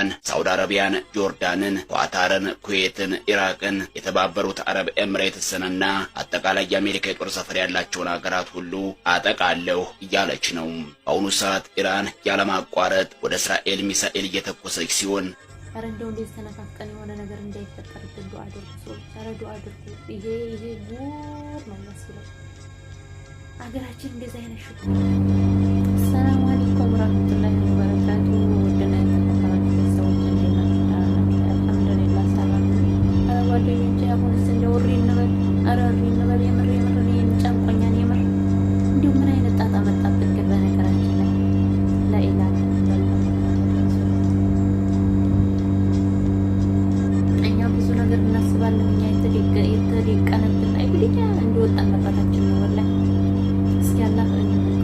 ኢራን፣ ሳውዲ አረቢያን፣ ጆርዳንን፣ ኳታርን፣ ኩዌትን፣ ኢራቅን፣ የተባበሩት አረብ ኤምሬትስንና አጠቃላይ የአሜሪካ የጦር ሰፈር ያላቸውን ሀገራት ሁሉ አጠቃለሁ እያለች ነው። በአሁኑ ሰዓት ኢራን ያለማቋረጥ ወደ እስራኤል ሚሳኤል እየተኮሰች ሲሆን ኧረ እንደው እንደ የተነካከን የሆነ ነገር እንዳይፈጠርብን ዱአ አድርጉ ሰዎች፣ ኧረ ዱአ አድርጉ። ይሄ ይሄ ጉድ ነው የሚመስለው አገራችን እንደዚህ አይነት ሽኩ። ሰላም አለይኩም ወራህመቱላሂ ወበረካቱ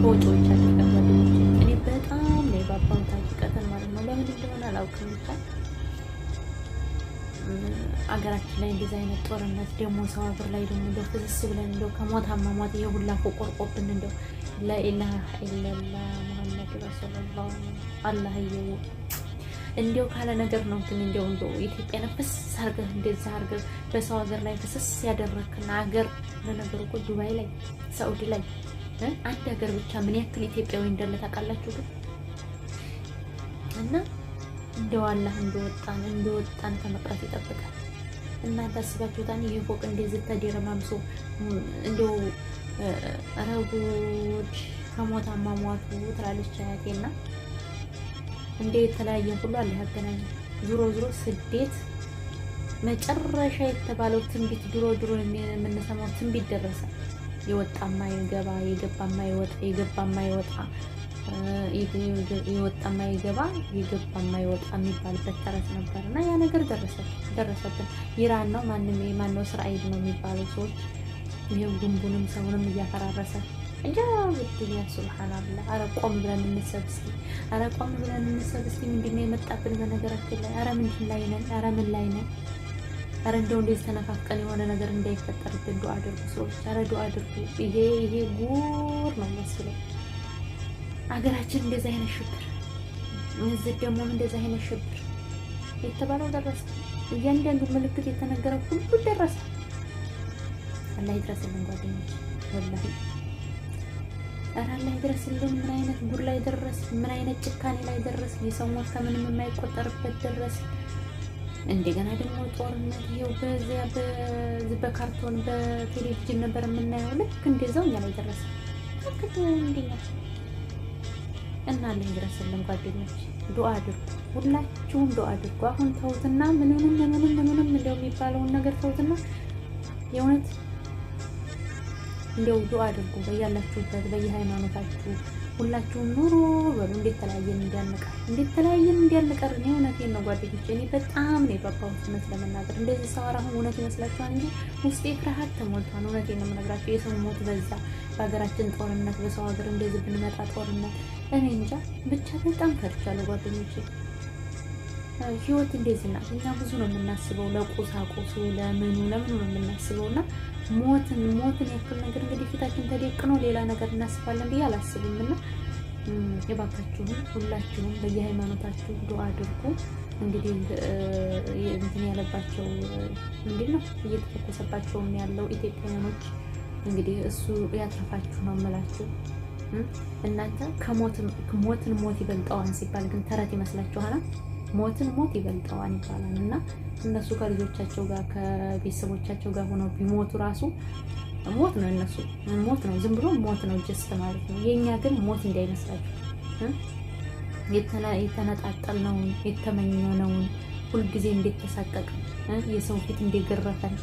ቦጮዎች አለቀት እኔ በጣም ነው የባባሁት። ሀቂቀተን ማለት ነው ለምን እንደሆነ አላውቅም። ብቻ አገራችን ላይ እንደዚህ አይነት ጦርነት ደግሞ ሰው ሀገር ላይ ደግሞ እንደው ፍስስ ብለን እንደው ከሞት አሟሟት የሁላ ቆቆርቆብን እንደው ላኢላሃ ኢለላ ሙሐመድ ረሱሉላ አላህ እየው እንዲው ካለ ነገር ነው እንትን እንዲው እንደው ኢትዮጵያ ነፍስ አርገህ እንደዛ አርገህ በሰው ሀገር ላይ ፍስስ ያደረክና ሀገር ለነገሩ እኮ ዱባይ ላይ ሳኡዲ ላይ አንድ ሀገር ብቻ ምን ያክል ኢትዮጵያዊ እንዳለ ታውቃላችሁ? ግን እና እንደው አላህ እንደወጣን እንደወጣን ከመቅረት ይጠብቃል። እናንተ አስባችሁታን? ይህ ፎቅ እንደዚህ ተደረማምሶ እንደው ረጉድ ከሞት አሟሟቱ ትላለች አያቴና እንደ የተለያየ ሁሉ አለ ያገናኝ። ዞሮ ዞሮ ስደት መጨረሻ የተባለው ትንቢት ድሮ ድሮ የምንሰማው ትንቢት ደረሰ። የወጣማ የማይገባ የገባ የማይወጣ የገባ የማይወጣ የወጣ የማይገባ የገባ የማይወጣ የሚባልበት ተረት ነበር እና ያ ነገር ደረሰብን። ይራን ነው ማንም ማነው እስራኤል ነው የሚባሉ ሰዎች ይሄው ግንቡንም ሰውንም እያፈራረሰ እንጃ ብትያ ሱብሃንአላህ። አረ ቆም ብለን እንሰብ እስኪ፣ አረ ቆም ብለን እንሰብ እስኪ። ምንድን ነው የመጣብን? በነገራችን ላይ አረ ምንድን ላይ ነን? አረ ምን ላይ ነን? ኧረ እንደው እንደ ተነፋፍቀን የሆነ ነገር እንዳይፈጠርብን ዱአ አድርጉ ሰዎች፣ ኧረ አድርጉ። ይሄ ይሄ ጉር ነው የሚያስብለው አገራችን እንደዚህ አይነት ሽብር፣ እዚህ ደግሞ እንደዚህ አይነት ሽብር የተባለው ደረሰ። እያንዳንዱ ምልክት የተነገረው ሁሉ ደረሰ። አላህ ይድረስልን ጓደኞች፣ ወላሂ ኧረ አላህ ይድረስልን። ምን አይነት ጉር ላይ ደረስ፣ ምን አይነት ጭካኔ ላይ ደረስ፣ የሰው ሞት ከምንም የማይቆጠርበት ደረስ። እንደገና ደግሞ ጦርነት ይኸው በዚያ በካርቶን በቴሌቪዥን ነበር የምናየው። ልክ እንደዛው እኛ ላይ ደረሰ። ልክ እንደኛ እና አለን ይድረስልን። ጓደኞች ዱአ አድርጉ፣ ሁላችሁም ዱአ አድርጉ። አሁን ተውትና ምንምን ምንንም ምንንም እንደው የሚባለውን ነገር ተውትና የእውነት እንደው ዱአ አድርጉ በያላችሁበት በየሃይማኖታችሁ ሁላችሁም ኑሮ በሉ። እንዴት ተለያየን እንዲያንቀር እንዴት ተለያየን እንዲያንቀር። እኔ እውነቴን ነው ጓደኞች እኔ በጣም ነው የባባሁት። እውነት ለመናገር እንደዚህ ሰው አሁን እውነት ይመስላችኋል እንጂ ውስጤ ፍርሃት ተሞልቷል። እውነቴን ነው የምነግራቸው። የሰው ሞት በዛ፣ በሀገራችን ጦርነት፣ በሰው ሀገር እንደዚህ ብንመጣ ጦርነት፣ እኔ እንጃ ብቻ በጣም ፈርቻለሁ ጓደኞቼ። ህይወት እንደዚህ ናት። እኛ ብዙ ነው የምናስበው፣ ለቁሳቁሱ ለምኑ ለምኑ ነው የምናስበው እና ሞትን ሞትን ያክል ነገር እንግዲህ ፊታችን ተደቅኖ ሌላ ነገር እናስባለን ብዬ አላስብም እና የባካችሁን ሁላችሁም በየሃይማኖታችሁ ዱዓ አድርጉ። እንግዲህ እንትን ያለባቸው ምንድን ነው እየተተኮሰባቸውም ያለው ኢትዮጵያውያኖች እንግዲህ እሱ ያተርፋችሁ ነው የምላችሁ። እናንተ ከሞትን ሞት ይበልጠዋን ሲባል ግን ተረት ይመስላችኋል። ሞትን ሞት ይበልጠዋል ይባላል እና እነሱ ከልጆቻቸው ጋር ከቤተሰቦቻቸው ጋር ሆነው ቢሞቱ ራሱ ሞት ነው። እነሱ ሞት ነው፣ ዝም ብሎ ሞት ነው፣ ጀስት ማለት ነው። የእኛ ግን ሞት እንዳይመስላችሁ የተነጣጠልነውን የተመኘነውን ሁልጊዜ እንደተሳቀቅን የሰው ፊት እንደገረፈን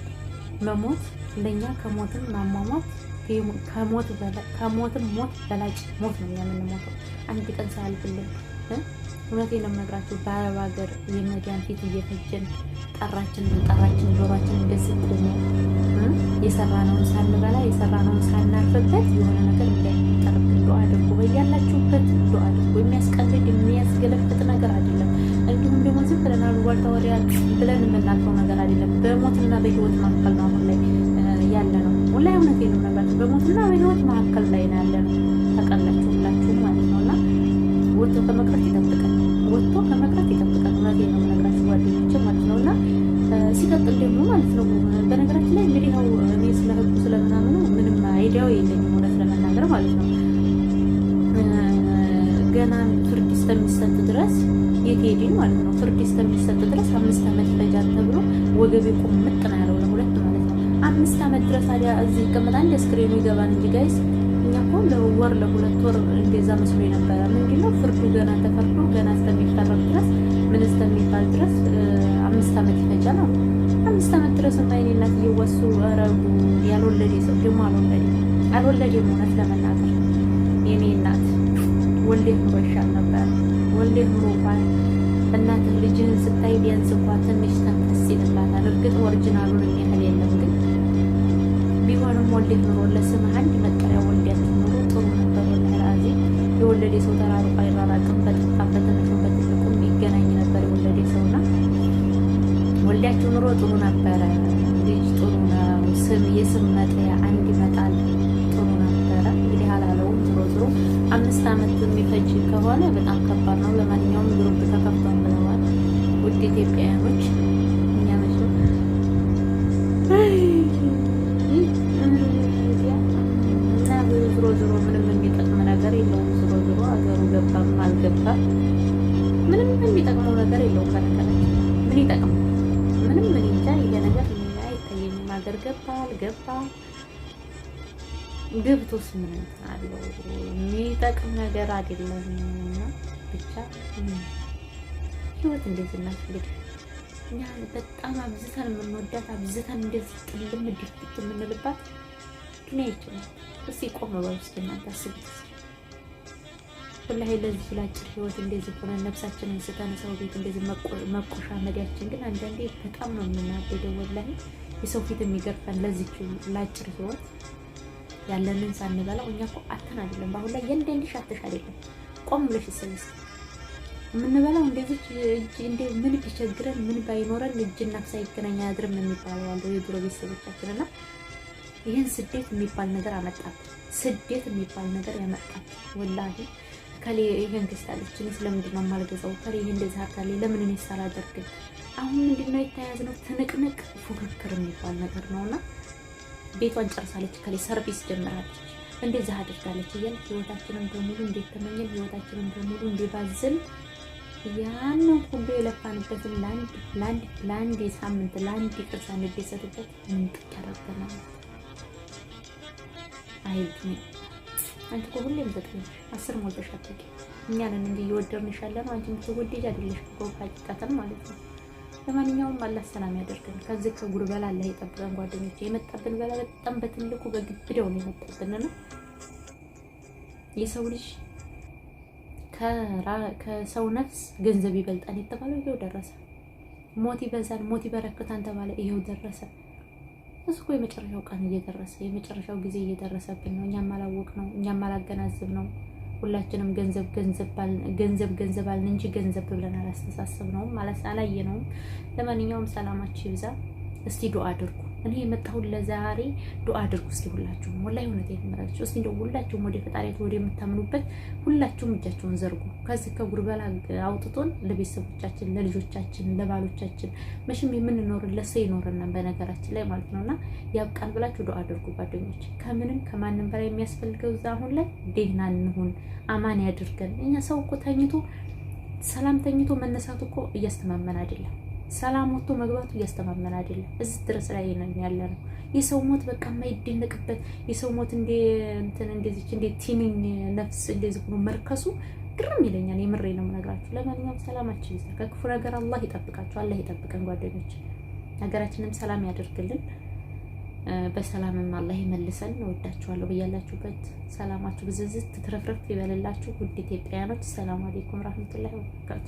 መሞት ለእኛ ከሞትን ማሟሟት ከሞትም ሞት በላጭ ሞት ነው የምንሞተው አንድ ቀን ሳያልፍልን እውነቴን ነው የምነግራችሁ። በአረብ ሀገር የመዳን ፊት እየፈጀን ጠራችን ጠራችን ጆሯችን እንደዚህ ቆሞ የሰራነውን ሳንበላ የሰራነውን ሳናርፍበት የሆነ ነገር እንዳይጠርብ ዶ አድርጎ በያላችሁበት ዶ አድርጎ የሚያስቀልድ የሚያስገለፍጥ ነገር አይደለም። እንዲሁም ደግሞ ዝም ብለን አሉባልታ ወሬ ብለን የምናልፈው ነገር አይደለም። በሞትና በህይወት መካከል ነው አሁን ላይ ያለ ነው። ሁላይ እውነቴን ነው የምነግራችሁ። በሞትና በህይወት መካከል ላይ ነው ያለ ነው። ተቀላችሁላችሁ ማለት ነው እና ወጥቶ ከመቅረት ይጠብቃል። ወጥቶ ከመቅረት ይጠብቃል ማለት ነው የምነግራችሁ ጓደኞቼ ማለት ነው። እና ሲቀጥል ደግሞ ማለት ነው በነገራችን ላይ እንግዲህ ያው እኔ ስለ ህጉ ስለምናምኑ ምንም አይዲያው የለኝም እውነት ለመናገር ማለት ነው። ገና ፍርድ እስከሚሰጥ ድረስ የቴዲን ማለት ነው ፍርድ እስከሚሰጥ ድረስ አምስት ዓመት ይፈጃል ተብሎ ወገቤ ቁምጥ ነው ያለው ለሁለት ማለት ነው። አምስት ዓመት ድረስ ታዲያ እዚህ ይቀመጣል እንደ ስክሪኑ ይገባል እንጂ ጋይስ እኮ ለወር ለሁለት ወር እንደዛ መስሎ ነበረ። ምንድን ነው ፍርዱ ገና ተፈርዶ ገና እስከሚፈረድ ድረስ ምን እስከሚባል ድረስ አምስት አመት ይፈጃል ነው አምስት አመት ድረስ ማይን ናት እየወሱ ረቡ ያልወለደ ሰው ደግሞ አልወለደ አልወለደ እውነት ለመናገር የኔ እናት ወልዴ ኑሮ ይሻል ነበር። ወልዴ ኑሮ እንኳን እናት ልጅህን ስታይ ቢያንስ እንኳን ትንሽ ተንፈስ ይልባታል። እርግጥ ኦሪጂናሉን የሚያህል የለም ግን ቢሆንም ወልዴት ኑሮ ለስምህ አንድ መጠሪያ ወልዴት ኑሮ ጥሩ ነበር። ለራዚ የወለደ ሰው ተራርቆ አይራራቅም። በጠጣም በትንሹም በትልቁም ይገናኝ ነበር የወለደ ሰውና ወልዳችሁ ኑሮ ጥሩ ነበረ። ልጅ ጥሩ ነው። ስም የስም መጠያ አንድ ይመጣል። ጥሩ ነበረ። እንግዲህ አላለውም። ዞሮ ዞሮ አምስት አመት የሚፈጅ ከሆነ በጣም ከባድ ነው። ለማንኛውም ግሩብ ተከፍቷል ብለዋል ውድ ኢትዮጵያውያኖች። ምንም ምንም የሚጠቅመው ነገር የለውም። ከነገራችን ምን ይጠቅም? ምንም ምን እንጃ። ይሄ ነገር አይታየኝም። ሀገር ገባል ገባ ገብቶስ ምን አለው? የሚጠቅም ነገር አይደለም። እና ብቻ ህይወት እንደዚህ ናት እንግዲህ እኛ በጣም አብዝተን የምንወዳት አብዝተን እንደዚህ ጥልም ድፍት የምንልባት ግን አይችላል። እስኪ ቆም በውስጥ እናንተ አስቡት። ወላሂ ለዚህ ብላችሁ ህይወት እንደዚህ ሆነ ነፍሳችንን ስተን ሰው ቤት እንደዚህ መቆሻ መዲያችን ግን አንዳንዴ በጣም ነው የምናደደው። ወላሂ የሰው ፊት የሚገርፈን ለዚህ ላጭር ህይወት ያለንን ሳንበላው እኛ እኮ አተን አይደለም። በአሁን ላይ የንደንድሽ አተሻ አይደለም። ቆም ብለሽ ስልስ የምንበላው እንደዚህ እጅ እንደ ምን ቢቸግረን ምን ባይኖረን እጅና ሳይገናኝ አያድርም የሚባለው ያለው የድሮ ቤተሰቦቻችን እና ይህን ስደት የሚባል ነገር አመጣት። ስደት የሚባል ነገር ያመጣት ወላሂ ከሌ ይሄን ገዝታለች እኔ ስለምንድን ነው የማልገዛው? ከሌ ይሄን እንደዚህ አድርጋለ ለምን እኔ ሳላደርግም? አሁን ምንድን ነው የተያያዝነው? ትንቅንቅ ፉክክር የሚባል ነገር ነው እና ቤቷን ጨርሳለች፣ ከሌ ሰርቪስ ጀምራለች፣ እንደዚህ አድርጋለች እያል ህይወታችንን በሙሉ እንዴት ተመኘን፣ ህይወታችንን በሙሉ እንዲባዝን ያንን ሁሉ የለፋንበትን ለአንድ ሳምንት ለአንድ ቅር ሳንደሰትበት ምንጥቅ ያደርገናል አይት አንቺ እኮ ሁሌም በጥሪ አስር ሞልተሽ አትልቂ። እኛ ነን እንጂ እየወደድንሽ ነው። አንቺ የምትወደጅ አይደለሽ እኮ ሀቂቃተን ማለት ነው። ለማንኛውም አላህ ሰላም ያደርገን። ከዚህ ከጉር በላ አላህ የጠብቀን ጓደኞች የመጣብን በላ በጣም በትልቁ በግብደው ነው የመጣብን ነው። የሰው ልጅ ከሰው ነፍስ ገንዘብ ይበልጣል የተባለው ይኸው ደረሰ። ሞት ይበዛል ሞት ይበረክታን ተባለ ይኸው ደረሰ። እሱ እኮ የመጨረሻው ቀን እየደረሰ የመጨረሻው ጊዜ እየደረሰብን ነው። እኛም አላወቅ ነው፣ እኛም አላገናዘብ ነው። ሁላችንም ገንዘብ ገንዘብ ገንዘብ አልን እንጂ ገንዘብ ብለን አላስተሳሰብ ነውም አላየ ነውም። ለማንኛውም ሰላማችሁ ይብዛ። እስቲ ዱአ አድርጉ። እኔ የመጣሁት ለዛሬ ዱአ አድርጉ እስኪ ሁላችሁም፣ ወላሂ እውነቴን የምራችሁ እስኪ እንደው ሁላችሁም ወደ ፈጣሪያችሁ ወደ የምታምኑበት ሁላችሁም እጃችሁን ዘርጉ። ከዚህ ከጉርበላ አውጥቶን ለቤተሰቦቻችን፣ ለልጆቻችን፣ ለባሎቻችን መቼም የምንኖር ሰው ይኖረናል በነገራችን ላይ ማለት ነውና ያብቃን ብላችሁ ዱአ አድርጉ ጓደኞች። ከምንም ከማንም በላይ የሚያስፈልገው እዛ አሁን ላይ ደህና እንሁን፣ አማን ያድርገን። እኛ ሰው እኮ ተኝቶ ሰላም ተኝቶ መነሳት እኮ እያስተማመን አይደለም። ሰላም ወጥቶ መግባቱ እያስተማመን አይደለም። እዚህ ድረስ ላይ ነው ያለ ነው የሰው ሞት በቃ የማይደነቅበት የሰው ሞት እንደ እንትን እንደዚች እንደ ቲኒን ነፍስ እንደዚህ ሆኖ መርከሱ ግርም ይለኛል። የምሬ ነው የምነግራችሁ። ለማንኛውም ሰላማችን ይዛ ከክፉ ነገር አላህ ይጠብቃችሁ፣ አላህ ይጠብቀን ጓደኞች። ሀገራችንም ሰላም ያደርግልን፣ በሰላምም አላህ ይመልሰን። እወዳችኋለሁ። ብያላችሁበት ሰላማችሁ ብዝዝት ትረፍረፍ ይበልላችሁ። ውድ ኢትዮጵያውያኖች ሰላም አለይኩም ረህመቱላሂ ወበረካቱ።